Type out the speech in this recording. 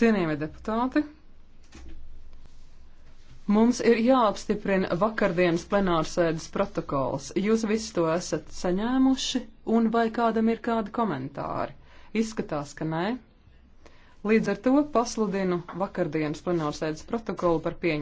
Cienījamie deputāti, mums ir jāapstiprina vakardienas plenārsēdes protokols. Jūs visi to esat saņēmuši, un vai kādam ir kādi komentāri? Izskatās, ka nē. Līdz ar to pasludinu vakardienas plenārsēdes protokolu par pieņemšanu.